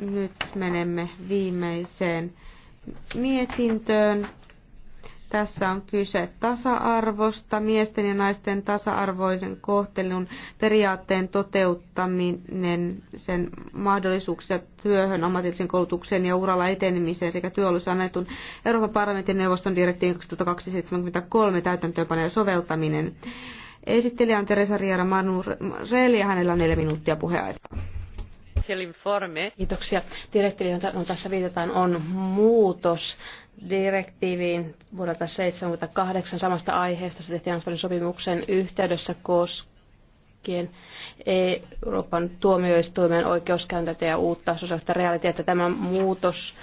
Nyt menemme viimeiseen mietintöön. Tässä on kyse tasa-arvosta, miesten ja naisten tasa-arvoisen kohtelun periaatteen toteuttaminen, sen mahdollisuuksia työhön, ammatillisen koulutukseen ja uralla etenemiseen sekä työolussa annetun Euroopan parlamentin neuvoston direktiivin 2273 täytäntöönpano ja soveltaminen. Esittelijä on Teresa Riera Reeli ja hänellä on neljä minuuttia puheaikaa. Kiitoksia. Direktiivi, johon tässä viitataan, on muutos direktiiviin vuodelta yhdeksänsataaseitsemänkymmentäkahdeksan samasta aiheesta. Se tehtiin Amsterdamin sopimuksen yhteydessä koskien Euroopan tuomioistuimen oikeuskäytäntöjä ja uutta sosiaalista realiteettia. Tämä muutos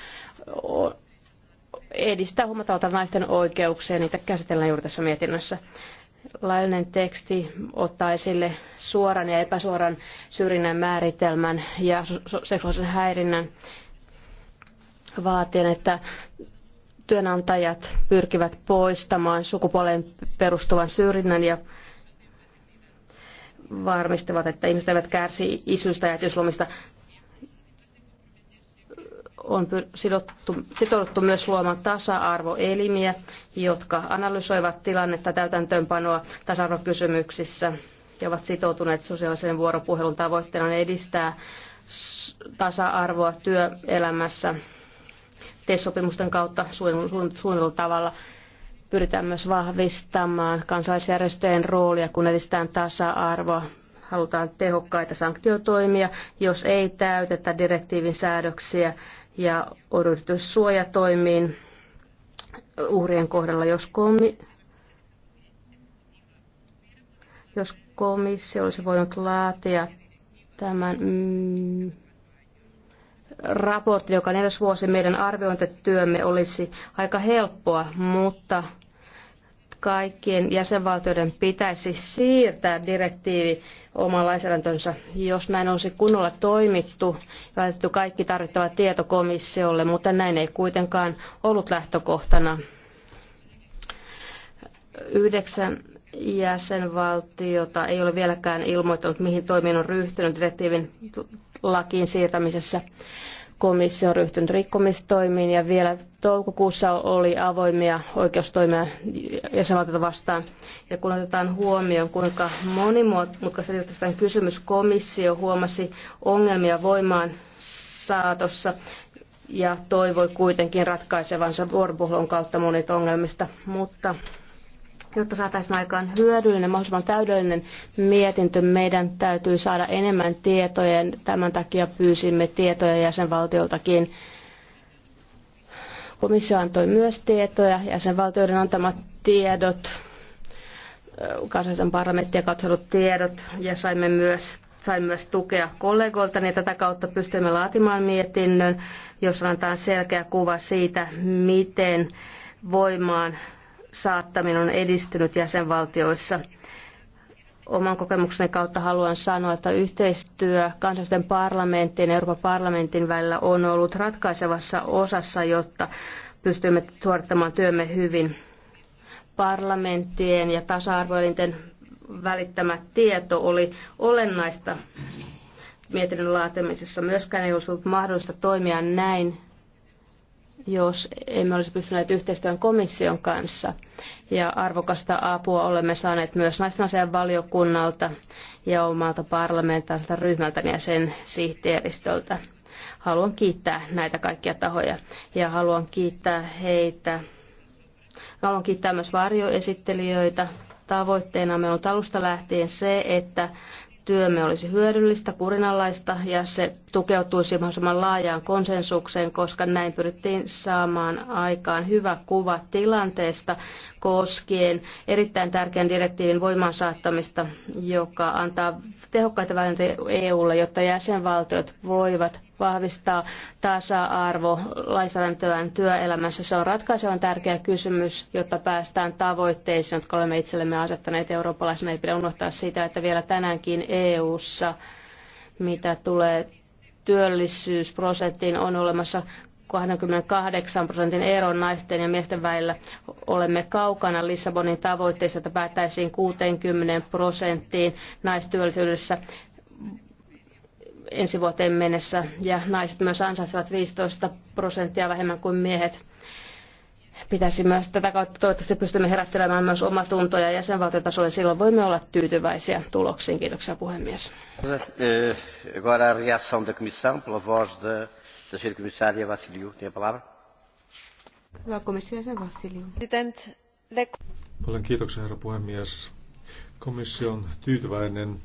edistää huomattavaa naisten oikeuksia. Niitä käsitellään juuri tässä mietinnössä laillinen teksti ottaa esille suoran ja epäsuoran syrjinnän määritelmän ja seksuaalisen häirinnän vaatien, että työnantajat pyrkivät poistamaan sukupuoleen perustuvan syrjinnän ja varmistavat, että ihmiset eivät kärsi isyystä ja äitiyslomista on sidottu, sitouduttu myös luomaan tasa-arvoelimiä, jotka analysoivat tilannetta täytäntöönpanoa tasa-arvokysymyksissä ja ovat sitoutuneet sosiaalisen vuoropuhelun tavoitteena edistää tasa-arvoa työelämässä TES-sopimusten kautta suunnitellulla tavalla. Pyritään myös vahvistamaan kansalaisjärjestöjen roolia, kun edistetään tasa-arvoa halutaan tehokkaita sanktiotoimia, jos ei täytetä direktiivin säädöksiä ja odotus suojatoimiin uhrien kohdalla, jos, komi- jos komissio olisi voinut laatia tämän mm, raportin, joka neljäs vuosi meidän arviointityömme olisi aika helppoa, mutta kaikkien jäsenvaltioiden pitäisi siirtää direktiivi oman lainsäädäntönsä, jos näin olisi kunnolla toimittu ja laitettu kaikki tarvittava tieto komissiolle, mutta näin ei kuitenkaan ollut lähtökohtana. Yhdeksän jäsenvaltiota ei ole vieläkään ilmoittanut, mihin toimiin on ryhtynyt direktiivin lakiin siirtämisessä komissio on ryhtynyt rikkomistoimiin ja vielä toukokuussa oli avoimia oikeustoimia jäsenvaltiota vastaan. Ja kun otetaan huomioon, kuinka monimutkaisesti tämän kysymys komissio huomasi ongelmia voimaan saatossa ja toivoi kuitenkin ratkaisevansa vuoropuhelun kautta monet ongelmista, mutta Jotta saataisiin aikaan hyödyllinen, mahdollisimman täydellinen mietintö, meidän täytyy saada enemmän tietoja. Tämän takia pyysimme tietoja jäsenvaltioltakin. Komissio antoi myös tietoja, jäsenvaltioiden antamat tiedot, kansallisen parlamenttia katsotut tiedot ja saimme myös sain myös tukea kollegoilta, niin tätä kautta pystymme laatimaan mietinnön, jossa antaa selkeä kuva siitä, miten voimaan saattaminen on edistynyt jäsenvaltioissa. Oman kokemukseni kautta haluan sanoa, että yhteistyö kansallisten parlamenttien ja Euroopan parlamentin välillä on ollut ratkaisevassa osassa, jotta pystymme suorittamaan työmme hyvin. Parlamenttien ja tasa-arvoelinten välittämä tieto oli olennaista mietinnön laatimisessa. Myöskään ei olisi ollut mahdollista toimia näin jos emme olisi pystyneet yhteistyön komission kanssa. Ja arvokasta apua olemme saaneet myös naisten asian valiokunnalta ja omalta parlamentaariselta ryhmältäni ja sen sihteeristöltä. Haluan kiittää näitä kaikkia tahoja ja haluan kiittää heitä. Haluan kiittää myös varjoesittelijöitä. Tavoitteena on ollut alusta lähtien se, että Työmme olisi hyödyllistä, kurinalaista ja se tukeutuisi mahdollisimman laajaan konsensukseen, koska näin pyrittiin saamaan aikaan hyvä kuva tilanteesta koskien erittäin tärkeän direktiivin voimaansaattamista, joka antaa tehokkaita välineitä EUlle, jotta jäsenvaltiot voivat vahvistaa tasa-arvo lainsäädäntöään työelämässä. Se on ratkaisevan tärkeä kysymys, jotta päästään tavoitteisiin, jotka olemme itsellemme asettaneet eurooppalaisena. Ei pidä unohtaa sitä, että vielä tänäänkin EU-ssa, mitä tulee työllisyysprosenttiin, on olemassa 28 prosentin eron naisten ja miesten välillä. Olemme kaukana Lissabonin tavoitteista, että päättäisiin 60 prosenttiin naistyöllisyydessä ensi vuoteen mennessä ja naiset myös ansaitsevat 15 prosenttia vähemmän kuin miehet. Pitäisi myös tätä kautta toivottavasti pystymme herättelemään myös omatuntoja jäsenvaltiotasolla ja silloin voimme olla tyytyväisiä tuloksiin. Kiitoksia puhemies. Agora komissio Paljon kiitoksia herra puhemies. Komissio on tyytyväinen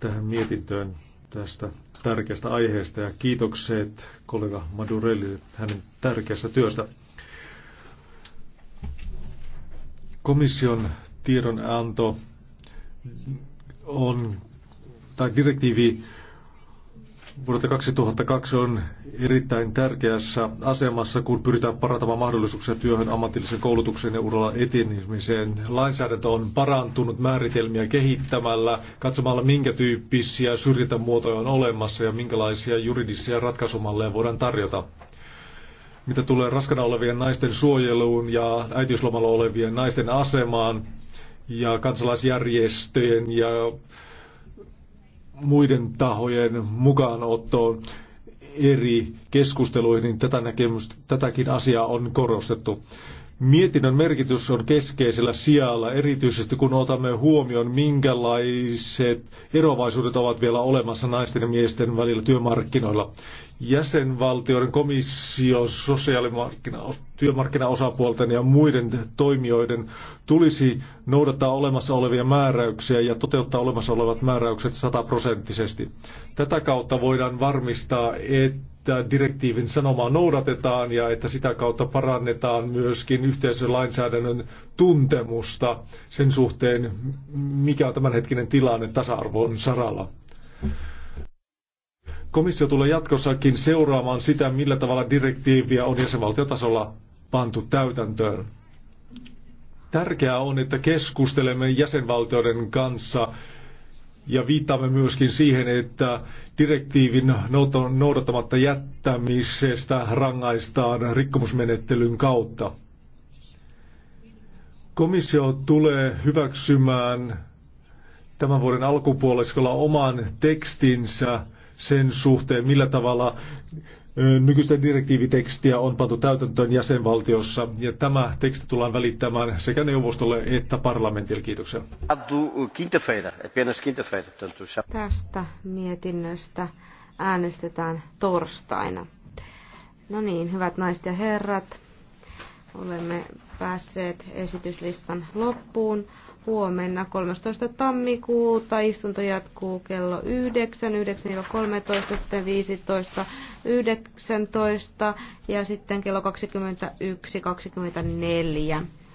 tähän mietintöön tästä tärkeästä aiheesta ja kiitokset kollega Madurelli hänen tärkeästä työstä. Komission tiedonanto on, tai direktiivi vuodelta 2002 on erittäin tärkeässä asemassa, kun pyritään parantamaan mahdollisuuksia työhön, ammatillisen koulutukseen ja uralla etenemiseen. Lainsäädäntö on parantunut määritelmiä kehittämällä, katsomalla minkä tyyppisiä syrjintämuotoja on olemassa ja minkälaisia juridisia ratkaisumalleja voidaan tarjota. Mitä tulee raskana olevien naisten suojeluun ja äitiyslomalla olevien naisten asemaan ja kansalaisjärjestöjen ja muiden tahojen mukaanottoon eri keskusteluihin, niin tätä näkemystä, tätäkin asiaa on korostettu. Mietinnön merkitys on keskeisellä sijalla, erityisesti kun otamme huomioon, minkälaiset erovaisuudet ovat vielä olemassa naisten ja miesten välillä työmarkkinoilla jäsenvaltioiden komissio sosiaalimarkkina-työmarkkinaosapuolten ja muiden toimijoiden tulisi noudattaa olemassa olevia määräyksiä ja toteuttaa olemassa olevat määräykset sataprosenttisesti. Tätä kautta voidaan varmistaa, että direktiivin sanomaa noudatetaan ja että sitä kautta parannetaan myöskin yhteisölainsäädännön tuntemusta sen suhteen, mikä on tämänhetkinen tilanne tasa-arvon saralla. Komissio tulee jatkossakin seuraamaan sitä, millä tavalla direktiiviä on jäsenvaltiotasolla pantu täytäntöön. Tärkeää on, että keskustelemme jäsenvaltioiden kanssa ja viittaamme myöskin siihen, että direktiivin noudattamatta jättämisestä rangaistaan rikkomusmenettelyn kautta. Komissio tulee hyväksymään tämän vuoden alkupuoliskolla oman tekstinsä sen suhteen, millä tavalla nykyistä direktiivitekstiä on pantu täytäntöön jäsenvaltiossa. Ja tämä teksti tullaan välittämään sekä neuvostolle että parlamentille. Kiitoksia. Tästä mietinnöstä äänestetään torstaina. No niin, hyvät naiset ja herrat. Olemme päässeet esityslistan loppuun. Huomenna 13. tammikuuta istunto jatkuu kello 9, 9-13, sitten 15, 19 ja sitten kello 21, 24.